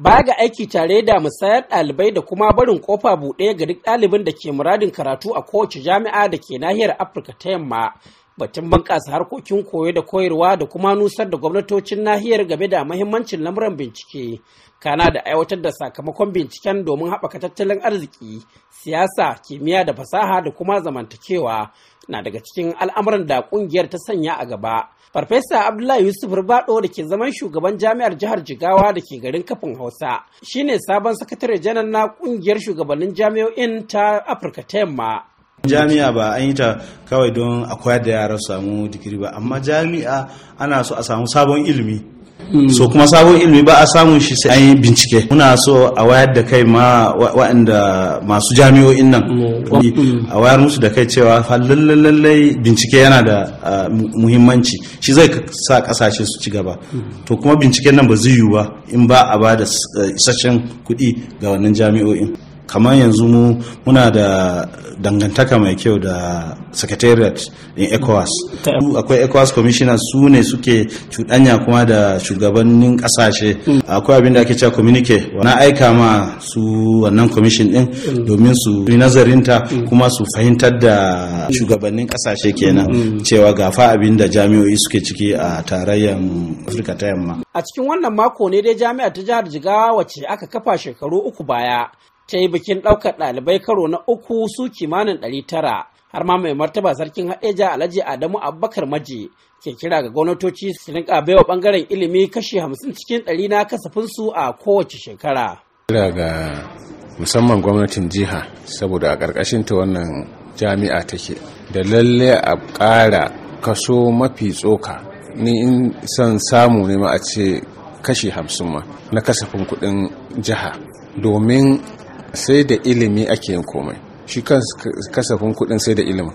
Ba ga aiki tare da musayar ɗalibai da kuma barin kofa buɗe ga duk ɗalibin da ke muradin karatu a kowace jami'a da ke nahiyar Afirka ta yamma batun bunƙasa harkokin koyo da koyarwa da kuma nusar da gwamnatocin nahiyar game da mahimmancin lamuran bincike kana da aiwatar da sakamakon binciken domin haɓaka tattalin arziki siyasa kimiyya da fasaha da kuma zamantakewa na daga cikin al'amuran da ƙungiyar ta sanya a gaba farfesa abdullahi yusuf rubado da ke zaman shugaban jami'ar jihar jigawa da ke garin kafin hausa shine sabon sakatare janar na ƙungiyar shugabannin jami'o'in ta afirka ta yamma jami'a ba an yi ta kawai don a koyar da yara su samu digiri ba amma jami'a ana so a samu sabon ilimi hmm. so kuma sabon ilimi ba a samun shi sai an yi bincike muna so a wayar da kai ma waɗanda masu jami'o'in nan hmm. a wayar musu da kai cewa lallai bincike yana da muhimmanci shi zai sa kasashe su ci gaba hmm. to kuma binciken nan ba zai yiwu ba in ba a ba da isasshen kuɗi ga wannan jami'o'in kamar yanzu mu muna da dangantaka mai kyau da secretariat in ecowas akwai ecowas commissioners su ne suke cuɗanya kuma da shugabannin ƙasashe hmm. akwai abin da ake cewa communique na aika ma su wannan commission din hmm. domin su nazarinta hmm. kuma su fahimtar da shugabannin ƙasashe kenan cewa gafa abin da jami'o'i suke ciki a tarayyar afirka ta yamma a cikin wannan mako ne dai jami'a ta jihar jigawa wacce aka kafa shekaru uku baya ta yi bikin ɗaukar ɗalibai karo na uku su kimanin ɗari tara har ma mai martaba sarkin haɗeja alhaji adamu abubakar maji ke kira ga gwamnatoci su rinka baiwa ɓangaren ilimi kashi hamsin cikin ɗari na kasafinsu a kowace shekara. kira ga musamman gwamnatin jiha saboda a ƙarƙashin ta wannan jami'a take da lalle a ƙara kaso mafi tsoka ni in son samu ne ma a ce kashi hamsin ma na kasafin kuɗin jiha domin sai da ilimi ake yin komai shi kan kasafin kudin sai da ilimin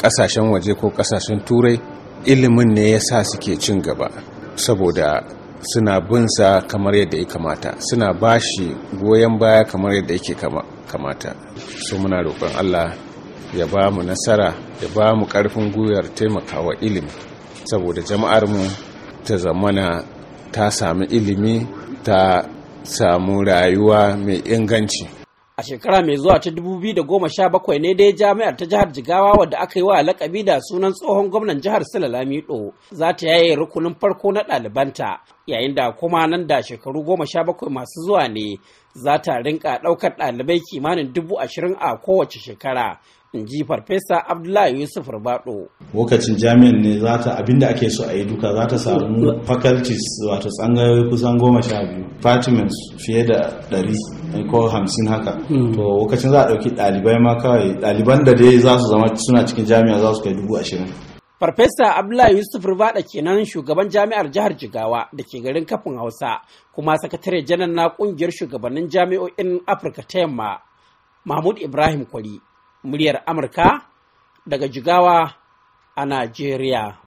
kasashen waje ko kasashen turai ilimin ne ya sa suke cin gaba saboda suna binsa kamar yadda ya kamata suna bashi goyon baya kamar yadda yake kamata so muna roƙon allah ya ba mu nasara ya ba mu ƙarfin gwiwar taimakawa ilimi saboda jama'ar mu ta zamana ta sami ilimi ta samu rayuwa mai inganci a shekara mai zuwa ta dubu biyu da goma sha bakwai ne dai jami'ar ta jihar jigawa wadda aka yi wa lakabi da sunan tsohon gwamnan jihar sila lamido za ta yaye rukunin farko na ɗalibanta yayin da kuma nan da shekaru sha bakwai masu zuwa ne za ta rinka ɗaukar ɗalibai kimanin dubu ashirin a kowace shekara in ji farfesa abdullahi yusuf rubado lokacin jami'an ne za ta abinda ake so a yi duka za ta samu faculties wato tsangayoyi kusan goma sha biyu departments fiye da ɗari ko hamsin haka hmm. to lokacin za a ɗauki ɗalibai ma kawai ɗaliban da dai za su zama suna cikin jami'a za su kai dubu ashirin Farfesa Abdullahi Yusuf Rubada kenan shugaban jami'ar jihar Jigawa da ke garin kafin Hausa kuma sakatare janar na kungiyar shugabannin jami'o'in Afirka ta Yamma Mahmud Ibrahim Kwari muryar Amurka daga Jigawa a Najeriya.